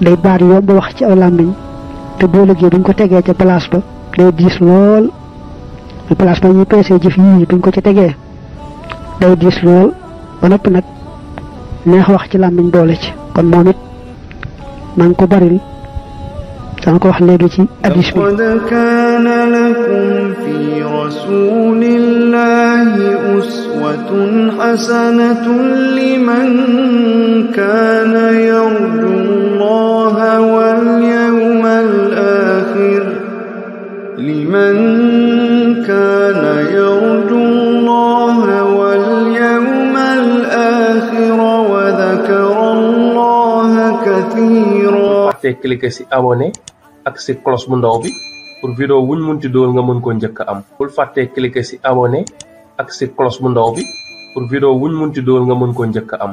day baat yomb wax ci aw làmmiñ te boo liggéey buñ ko tegee ca place ba day diis lool place ba ñuy peesee jëf yii buñ ko ci tegee day diis lool ba noppi nag neex wax ci làmmiñ boole ci kon moom it na ko baril سانك وخلي دو سي كان لكم في رسول الله اسوه حسنه لمن كان يرجو الله واليوم الاخر لمن كان يرجو الله واليوم الاخر وذكر الله كثيرا Hace clic ak si cloche bu ndaw bi pour vidéo wuñ munti dool nga mën ko njëkk am bul fàttee cliquer si abonné ak si cloche ndaw bi pour vidéo wuñ munti dool nga mën koo njëkk am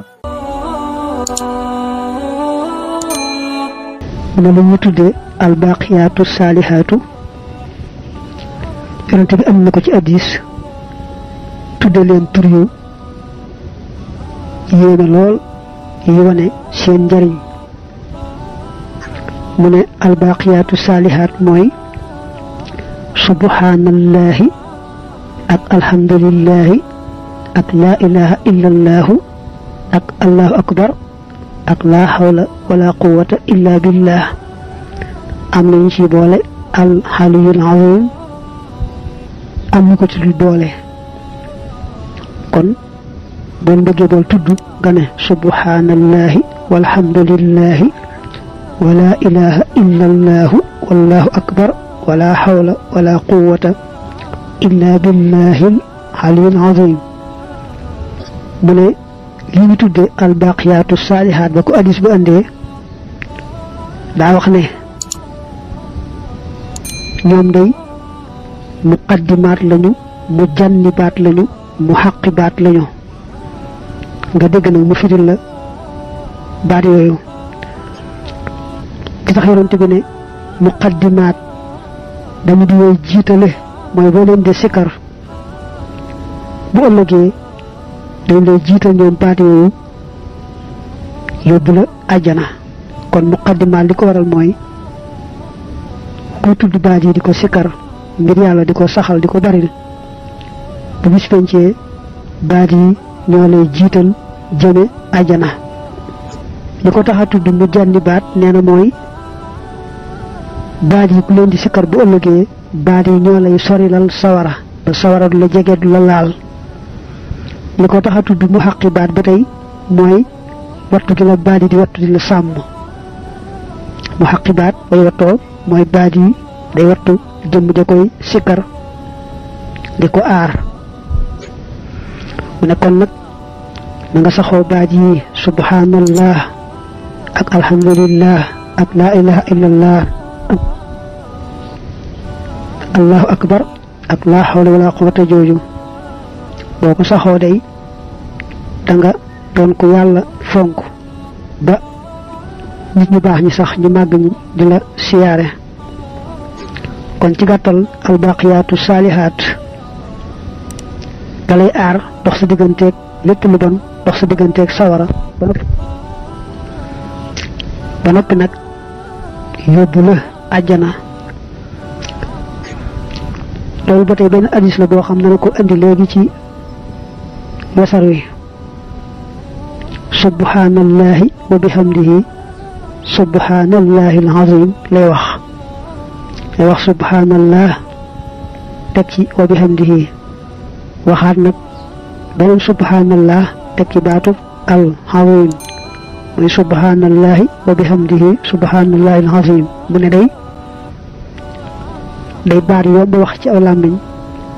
mu ne lu ñu tuddee albaqiyaatu saalihaatu yonente bi am na ko ci addis tudde leen tur yu lool yi wane seen njariñ mu ne albaqiyaatu saalihaat mooy subhaanallaahi ak alhamdulillaahi ak laa ilaha illallahu ak allahu akbar ak laa xawla wala quwata illa billah am nañu ci boole alxaliyul azim am ñu ko ci dul boole kon bon bëggee bool tudd nga ne subhaanallaahi walhamdulillahi ولا إله إلا الله والله أكبر ولا حول ولا قوة إلا بالله العلي العظيم من لي تودي الباقيات الصالحات بكو أديس بأندي دا وخني نيوم day مقدمات لنو مجنبات mu jannibaat lañu nga dégg nag mu firil la baat yooyu ki tax yonent bi ne muqaddimaat dama di yooyu jiitale mooy boo leen di sikkar bu ëllëgee dañ lay jiital ñoom baat yooyu yóbbu la àjjana kon muqaddimaat li ko waral mooy kuy tudd baat yi di ko sikkar ngir yàlla di ko saxal di ko baril bu bis pencee baat yi ñoo lay jiital jëme àjjana li ko tax a tudd mu jànni baat nee mooy baat yi ku leen di sikkar bu ëllëgee baat yi ñoo lay sori lal sawara ba sawara du la jege du la laal li ko tax a tudd mu xaqi baat ba tey mooy wattu gi la baat yi di wattu di la sàmm mu xaqi baat way wattoo mooy baat yi day wattu jëmm da koy sikkar di ko aar mu ne kon nag na nga saxoo baat yi subhanallah ak alhamdulillah ak la ilaha illallah allahu akbar ak la hawla wala quwwata joju boko saxo day da nga don ko yalla fonk ba nit ñu bax ñi sax ñu mag ñi dina siyaré kon ci gatal al baqiyatu salihat dalay ar dox sa digënté lepp lu don dox sa digënté ak sawara ba nak yobuna aljana loolu ba tey benn hadis la boo xam ne ko andi léegi ci masar wi subhanallahi wa bihamdihi subhanallahi alazim lay wax lay wax subhanallah teg ci wa bihamdihi waxaat nag beneen subhanallah teg ci baatu alazim muy subhanallahi wa bihamdihi subhanallahi alazim mu ne day day baat yomb wax ci aw làmmiñ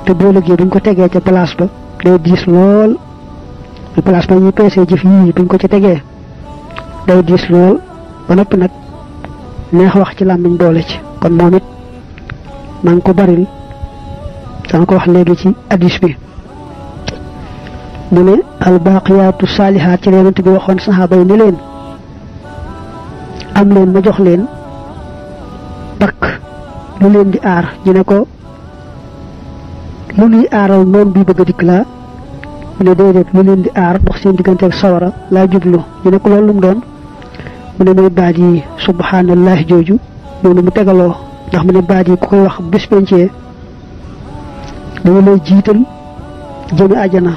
te boo liggéey buñ ko tegee ca place ba day diis lool place ba ñuy ko ca tegee day diis ba noppi nag neex wax ci làmmiñ boole ci kon moom it maa ko baril dama ko wax léegi ci addis bi mu ne albaaqiyaatu saalihaat ci la yonent bi waxoon saxaaba yi ni leen am leen ma jox leen lu leen di aar ñu ne ko lu nuy aaral noon bi bëgg dikk la mu ne déedéet lu leen di aar dox seen digganteeg sawara laa jublu ñu ne ko loolu mu doon mu ne mooy baat yi subhanallah jooju noonu mu tegaloo ndax mu ne baat yi ku koy wax bis pencee dañu lay jiital ajana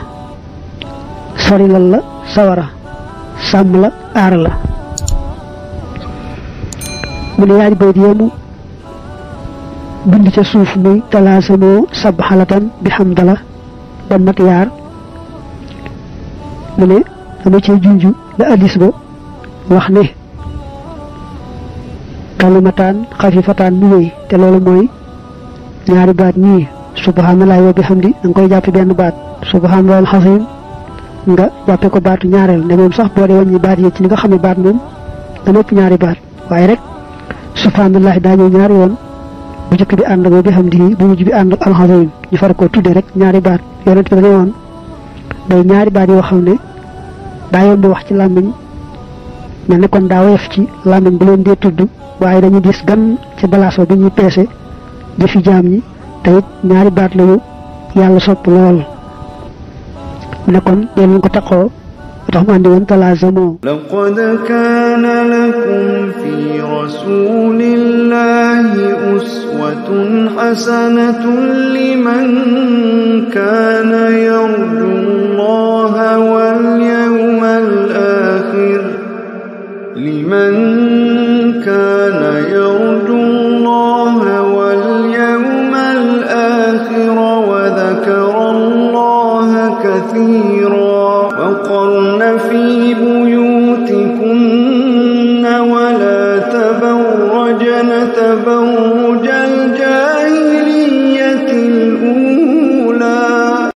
sori lan la sawara sàmm la aar la mu ne yemu bund ca suuf muy talaasamoo sab xalatan bi xam dala ba mat yaar mu ne dama cee junj la addis ba wax ne kalimataan xafifataan mu wéy te loolu mooy ñaari baat ñii subhanallah wa bihamdi da nga koy jàpp benn baat subhanallah alxasim nga jàppe ko baatu ñaareel ne moom sax boo dee wàññi baat yi ci li nga xam ne baat moom da nekk ñaari baat waaye rek subhanallah daa ñëw ñaari yoon bu njëkk bi ànd ak wa bi xam di bu mujj bi ànd ak alxazamin ñu far koo tuddee rek ñaari baat yonent bi dañoo woon ñaari baat yoo xam ne daa yomb wax ci làmmiñ mel ne daa woyof ci làmmiñ bu leen dee tudd waaye dañu gis gan ci balaas ba bi ñuy peese jëfi jaam ñi te it ñaari baat la ñu yàlla sopp lool mu ne kon dee leen ko taxoo tax mu àndi woon talaasamoo حسنة لمن كان يرجو الله واليوم الآخر لمن كان